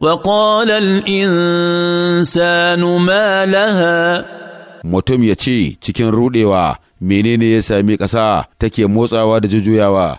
وقال الإنسان ما لها mutum ya ce cikin rudewa menene ya sami ƙasa take motsawa da jujjuyawa